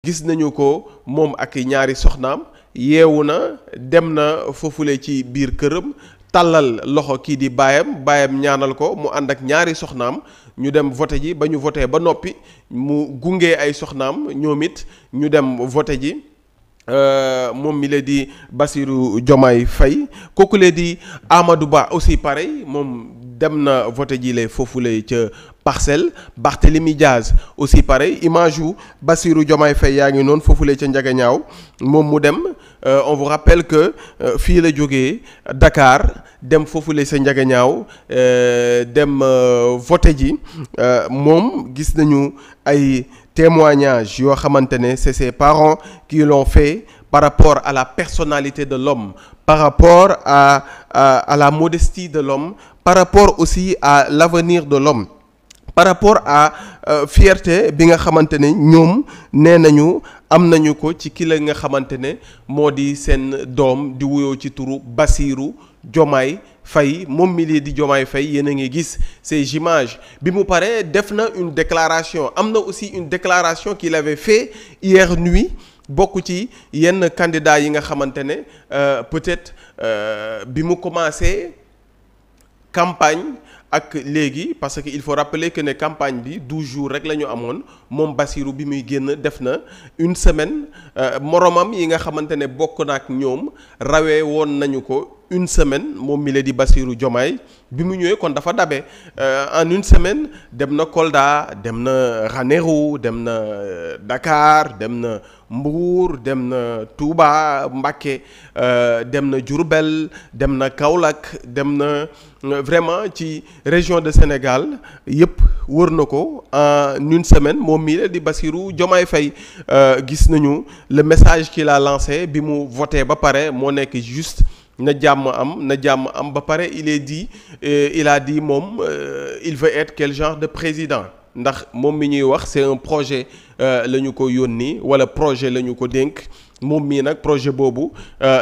gis nañu ko moom ak ñaari soxnaam yeewu na dem na foofule ci biir këram tàllal loxo kii di baayam baayam ñaanal ko mu ànd ak ñaari soxnaam ñu dem voté ji ba ñu vote ba noppi mu gunge ay soxnaam ñoom it ñu dem voté ji euh, moom mi la di Bassirou Diomaye Faye kooku la di Amadou Ba aussi pareil moom. dem na voté ji lay foofule ca parcelle Barthélemy Diaz aussi pareil image wu bassiru Diomaye Faye yaa ngi noonu foofule ca Njagañaaw moom mu dem euh, on rappelle que euh, fii la jógee dakaar dem foofu foofule sa Njagañaaw euh, dem voté ji moom gis nañu ay témoignages yoo xamante ne c'est ses parents qui l'ont par rapport à la personnalité de l'homme, par rapport à, à, à la modestie de l'homme, par rapport aussi à l'avenir de l'homme. par rapport à euh, fierté bi nga xamante ne ñoom nee nañu am nañu ko ci ki la nga xamante ne moo di seen doom di wuyoo ci turu bassiru Diomaye Faye moom mi di Diomaye Faye yéen a ngi gis ces gimage bi mu paree def na une déclaration am na aussi une déclaration qu'il avait fait hier nuit bokk ci yenn candidat yi nga xamante ne euh, peut-être euh, bi mu commencé campagne ak léegi parce que il faut rappeler que ne campagne bi 12 jours rek la ñu amoon moom Bassirou bi muy génn def na une semaine euh, moromam yi nga xamante ne bokk na ak ñoom rawee woon nañu ko. une semaine moom mi la di Bassirou Diomaye bi mu ñëwee kon dafa dabe euh, en une semaine dem na Kolda dem na Ranérou dem na euh, dakaar dem na Mbour dem na Touba Mbacké euh, dem na Diourbel dem na Kaolack dem na vraiment ci région de Sénégal yëpp wër na ko en une semaine moom mii la di Bassirou Diomaye Faye gis nañu le message qu'il la lancé bi mu voté ba pare moo nekk juste na jàmm am na jàmm am ba pare il est dit euh, il a dit moom euh, il veut être quel genre de président ndax moom mi ñuy wax c'est un projet euh, la ñu ko yónni wala projet la ñu ko dénk moom mii nag projet boobu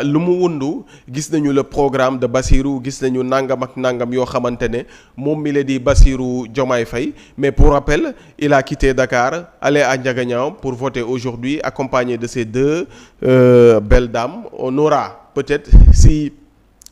lu mu wundu gis nañu le programme de bassiru gis nañu nangam ak nangam yoo xamante ne moom mi la di bassiru Diomaye Faye mais pour rappel il a quitté Dakar allé à Ndiaganiao pour voter aujourd'hui accompagné de ces deux euh, belles dames on aura peut-être si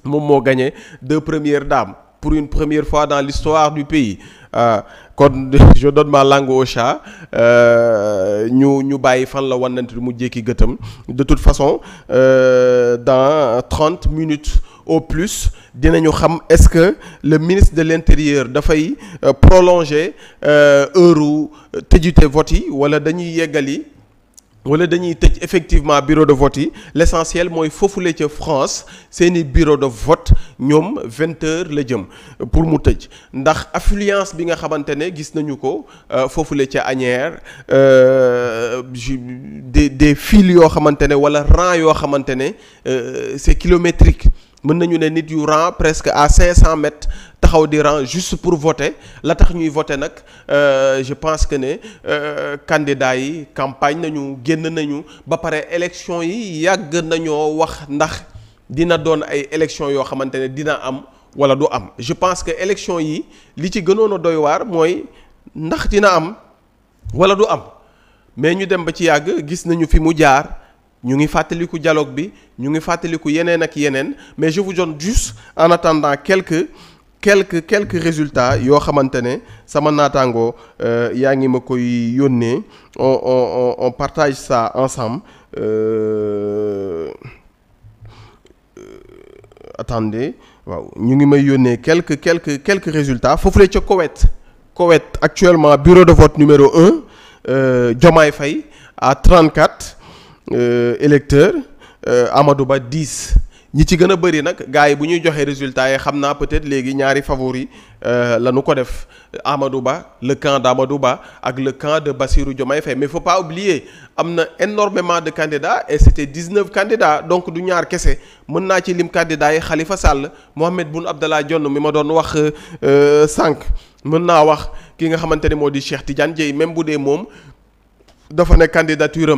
moom moo gagné deux première daam pour une première fois dans l'histoire du pays euh, kon euh, je donne ma langue au chat euh, ñu ñu bàyyi fan la wanante du mu jékki gëtam de toute façon euh, dans trente minutes au plus dinañu xam est-ce que le ministre de l'intérieur dafay euh, prolonger heure u tëjute vote yi wala dañuy yeggali wala dañuy tëj effectivement bureau de vote yi l' essentiel mooy foofule ca France seeni bureau de vote ñoom vingt la jëm pour mu tëj ndax affluence bi nga xamante ne gis nañu ko euh, foofule ca Asnières euh, des des files yoo xamante ne wala rang yoo xamante ne euh, c' est kilométrique mën nañu ne nit yu rang presque à cinq cent mètres taxaw di rang juste pour voter la tax ñuy voter nag euh, je pense que ne euh, candidats yi campagne nañu génn nañu ba pare élection yi yàgg nañoo wax ndax dina doon ay élection yoo xamante ne dina am wala du am je pense que élection yi li ci gënoon a doy waar mooy ndax dina am wala du am mais ñu dem ba ci yàgg gis nañu fi mu jaar ñu ngi fàttaliku dialogue bi ñu ngi fàttaliku yeneen ak yeneen mais je vous donne juste en attendant quelques quelque quelques résultat yoo xamante ne sama naataangoo euh, yaa ngi ma koy yónnee on on on partage ça ensemble euh... attendez waaw ñu ngi may yónnee quelques quelques quelques résultat foofu la ca Koweït Koweït actuellement bureau de vote numéro un euh, Diomaye Faye à 34 euh, électeurs euh, Amadou Ba 10. ñi ci gën a bëri nag gars yi bu ñuy joxee résultat yi xam naa peut-être léegi ñaari favori euh, la nu ko def Amadou Ba le camp d'Amadou Ba ak le camp de Bassirou Diomaye Faye mais faut pas oublier am na énormément de candidats et c'était 19 candidats donc du ñaar kese mën naa ci lim candidats yi Khalifa Sall Mohamed Boun Abdallah Dionne mi ma doon wax euh, sànq mën naa wax ki nga xamante ne moo di Cheikh Tidiane Dièye même bu dee moom dafa ne candidature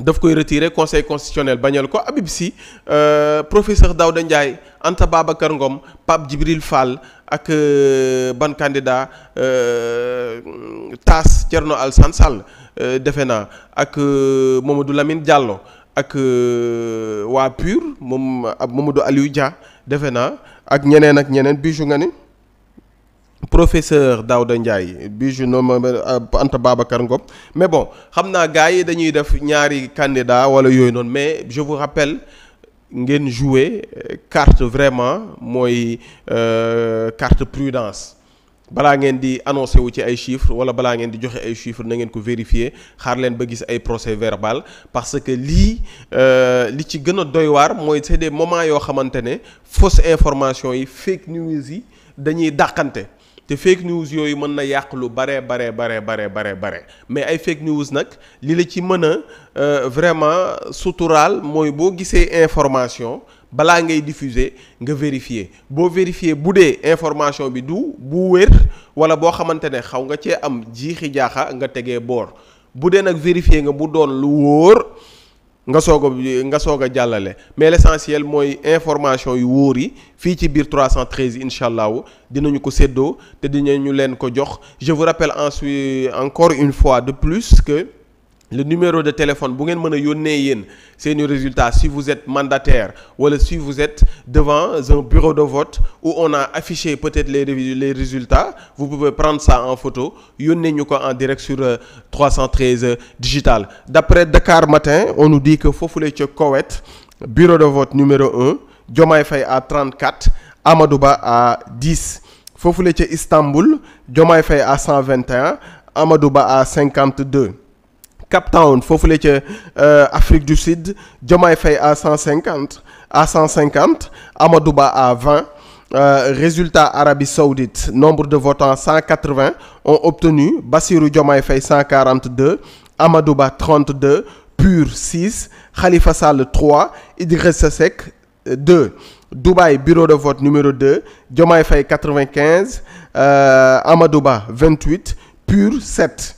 daf koy retirer conseil constitutionnel bañal ko Habib Sy euh, professeur Daouda Ndiaye Anta Babacar Ngom Pape Djibril Fall ak euh, ban candidat euh, Tass Thierno Alassane Sall defe naa ak Mamadou Lamine jàlloo ak waa PUR moom Mamadou Aliou Dia defe naa ak ñeneen ak ñeneen bisu nga ni. professeur Daouda Ndiaye bi je nomme euh, Anta Babacar Ngom mais bon xam naa gars yi dañuy def ñaari candidat wala yooyu noonu mais je vous rappelle ngeen jouer euh, carte vraiment mooy euh, carte prudence balaa ngeen di annoncé wu ci ay chiffres wala balaa ngeen di joxe ay chiffres nangeen ko vérifier xaar leen ba gis ay procès verbal parce que lii euh, li ci gën a doy waar mooy c'est des moment yoo xamante ne fausse information yi fake news yi dañuy dàqante te fake news yooyu mën na yàq lu bare bare bare bare bare bare mais ay fake news nag li la ci mën a euh, vraiment suturaal mooy boo gisee information balaa ngay diffuser nga vérifier boo vérifier bu dee information bi du bu wér walla boo xamante ne xaw nga cee am jiixi jaaxa nga tegee boor bu dee nag vérifier nga mu doon lu wóor nga soog a nga soog a jàllale mais l'essentiel mooy information yu wóor yi fii ci biir 313 incha allahu dinañu ko séddoo te dina ñu leen ko jox je vous rappelle ensuite encore une fois de plus que. le numéro de téléphone bu ngeen mën a yónnee yéen seeni résultats si vous êtes mandataire wala si vous êtes devant un bureau de vote où on a affiché peut-être les les résultats vous pouvez prendre ça en photo yónnee ñu ko en direct sur 313 euh, euh, digital d'après Dakar Matin on nous dit que foofule ca Koweït bureau de vote numéro 1 Diomaye Faye à 34 Amadou Ba à 10 foofule ca Istanbul Diomaye Faye à 121 Amadou Ba à 52 Cape Town foofu la ca euh, Afrique du Sud Diomaye fay à cent cinquante à cent cinquante Amadou Ba à vingt Euh, résultat Arabie Saoudite nombre de votants 180 ont obtenu Bassirou Diomaye Faye 142 Amadou Ba 32 PUR 6 Khalifa Sall 3 Idrissa Seck 2 euh, Dubaï bureau de vote numéro 2 Diomaye Faye 95 euh, Amadou Ba 28 PUR 7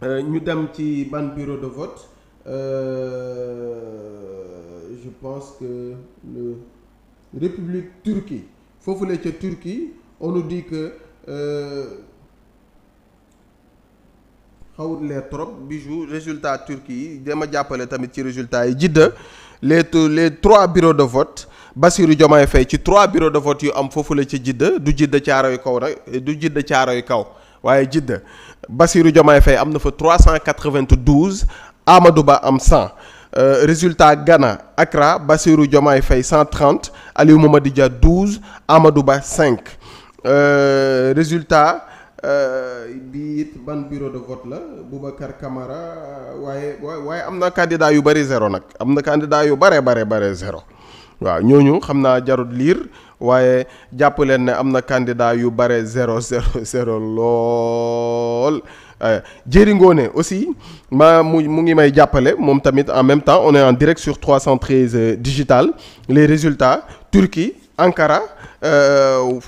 Euh, ñu dem ci ban bureau de vote euh, je pense que le République Turquie foofu la ca Turquie on nous dit que euh, xawut leer trop bijou résultat Turquie yi dama jàppale tamit ci résultat yi jidda les les trois bureaux de vote Bassirou Diomaye Faye ci trois bureaux de vote yu am foofu la ca jidda du jidda caaroy kaw rek du jidda caaroy kaw waaye Jidda Bassirou Diomaye Faye am na fa 392 Amadou Ba am 100 euh, résultat Ghana Accra Bassirou Diomaye Faye 130 Aliou Mamadou Dia 12 Amadou Ba 5 euh, résultat euh, bi it ban bureau de vote la Boubacar Camara waaye waaye am na candidat yu bëri zéro nag am na candidat yu bare bare bare zéro waaw ñooñu xam naa jarut liir waaye jàpp leen ne am na candidat yu bare zéro zéro zéro lool euh, Jéeri Ngoone aussi ma mu mu ngi may jàppale moom tamit en même temps on est en direct sur 313 euh, digital les résultats Turquie Ankara euh,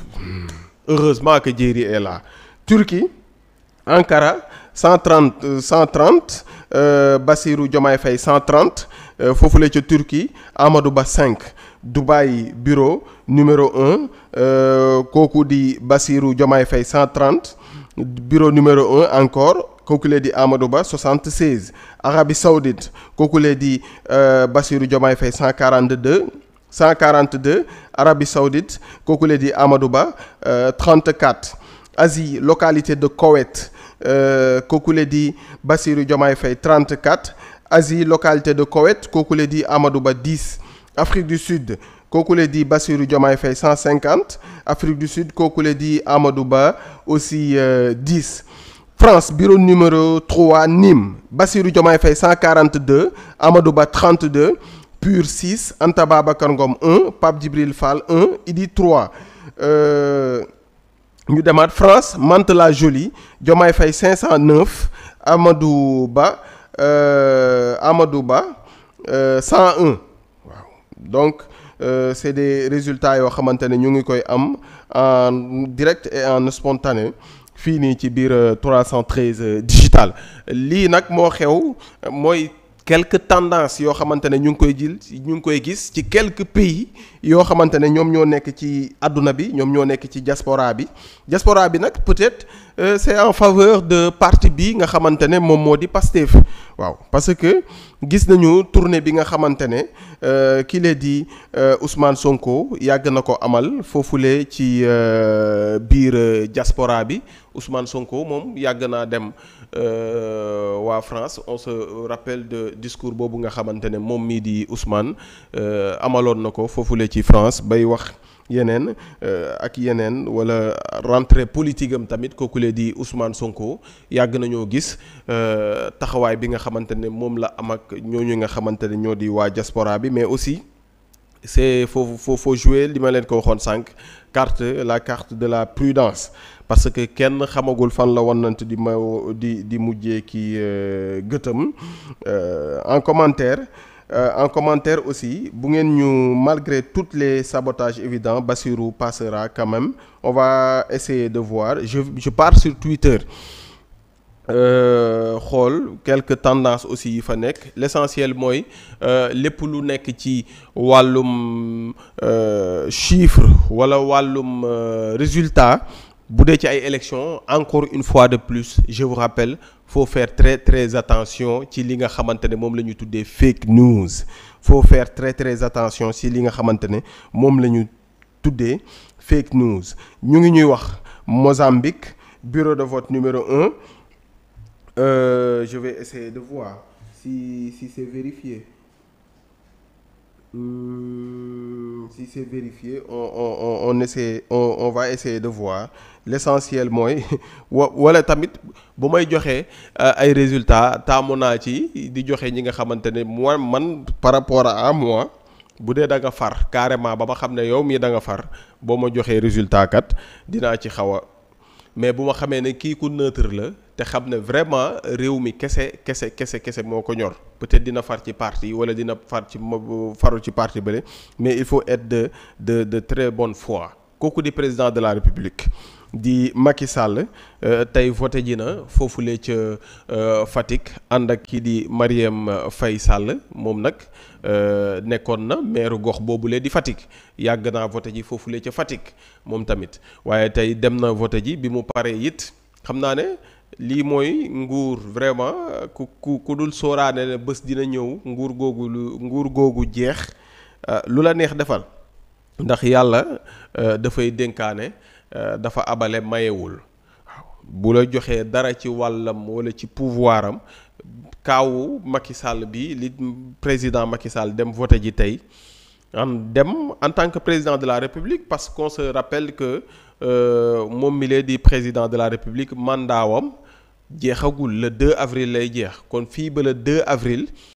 heureusement que Jéeri est là Turquie Ankara 130 130 euh, euh, Bassirou Diomaye Faye 130 foofu euh, foofule ca Turquie Amadou Ba 5 Dubaï bureau numéro 1 euh, kooku di Bassirou Diomaye Faye 130 bureau numéro 1 encore kooku lee di Amadou Ba 76 Arabie Saoudite kooku lee di euh, Bassirou Diomaye Faye 142 142 Arabie Saoudite kooku lee di Amadou Ba 34 Asie localité de Koweït kooku lee di Bassirou Diomaye Faye 34 Asie localité de Koweït kookule di Amadou Ba 10 Afrique du Sud kookule la di Bassirou Diomaye Faye 150 Afrique du Sud kookule di Amadou Ba aussi euh, 10 France bureau numéro 3 Nîmes Bassirou Diomaye Faye 142 Amadou Ba 32 PUR 6 Anta Babacar Ngom 1 Pape Idi 3 euh, ñu demaat France Mantes la Jolie Diomaye Faye 509 Amadou Ba Euh, Amadou Ba 101 euh, waaw donc euh, c'est des résultats yoo xamante ne ñu ngi koy am en direct et en spontané fii nii ci biir 313 euh, digital lii nag moo xew mooy. quelques tendances yoo xamante ne ñu ngi koy jil ñu ngi koy gis ci quelques pays yoo xamante ne ñoom ñoo nekk ci àdduna bi ñoom ñoo nekk ci diaspora bi diaspora bi nag peut-être euh, c'est en faveur de parti bi nga xamante ne moom moo di Pastef waaw parce que gis nañu tournée bi nga xamante ne euh, kii lee di euh, Ousmane Sonko yàgg na ko amal foofule ci euh, biir diaspora bi Ousmane Sonko moom yàgg naa dem waa France on se rappelle de discours boobu nga xamante ne moom mii di Ousmane euh, amaloon na ko foofu foofule ci France bay wax yeneen euh, ak yeneen wala rentrée politique am tamit kooku lee di Ousmane Sonko yàgg nañoo gis euh, taxawaay bi nga xamante ne moom la am ak ñooñu nga xamante ne ñoo di waa diaspora bi mais aussi. c'est faut faut faut jouer li ma leen ko waxoon sànq carte la carte de la prudence parce que kenn xamagul fan la wonante di ma di di mujjee kii euh, gëtam euh, en commentaire euh, en commentaire aussi bu ngeen ñu malgré toutes les sabotages évidents bassiru passera quand même on va essayer de voir je je pars sur Twitter Euh, xool quelque quelques aussi yi fa nekk l'essentiel mooy euh, lépp lu nekk ci wàllum euh, chiffre walla wàllum résultat bu dee ci ay élections encore une fois de plus je vous rappelle faut faire très très attention ci li nga xamante ne moom la ñu tuddee fake news faut faire très très attention ci li nga xamante ne moom la ñu tuddee fake news ñu ngi ñuy wax Mozambique bureau de vote numéro un Euh, je vais de voir si si c'est vérifié. Hum, si c'est vérifié on on on on essaie on va essayer de voir l'essentiel mooy wa wala tamit bu may joxee euh, ay résultats taamu naa ci di joxe ñi nga xamante ne moi man par rapport à moi bu dee da nga far carrément ba ma xam ne yow mii da nga far boo ma joxee résultat kat dinaa ci xaw a mais bu ma xamee ne kii ku neutre la te xam ne vraiment réew mi kese kese kese kese moo ko ñor peut-être dina far ci parti wala dina far ci faru ci parti bële mais il faut être de de de très bonne foi kooku di président de la république di Macky Sall euh, tey voté ji na foofu foofulee ca euh, Fatick ànd ak kii di Marième fay sàll moom nag euh, nekkoon na maire gox boobu lee di Fatick yàgg naa voté ji foofulee ca Fatick moom tamit waaye tey dem na voté ji bi mu paree it xam naa ne. lii mooy nguur vraiment ku ku ku dul sóoraane ne bés dina ñëw nguur googu lu nguur googu jeex euh, lu la neex defal ndax yàlla euh, dafay dénkaane euh, dafa abale mayewul bu la joxee dara ci wàllam walla ci pouvoir kaawu Macky Sall bi li président Macky Sall dem voté ji tey am dem en tant que président de la République parce qu'on se rappelle que Euh, moom mi lee di président de la république mandaawam jeexagul le 2 avril lay jeex kon fii ba le 2 avril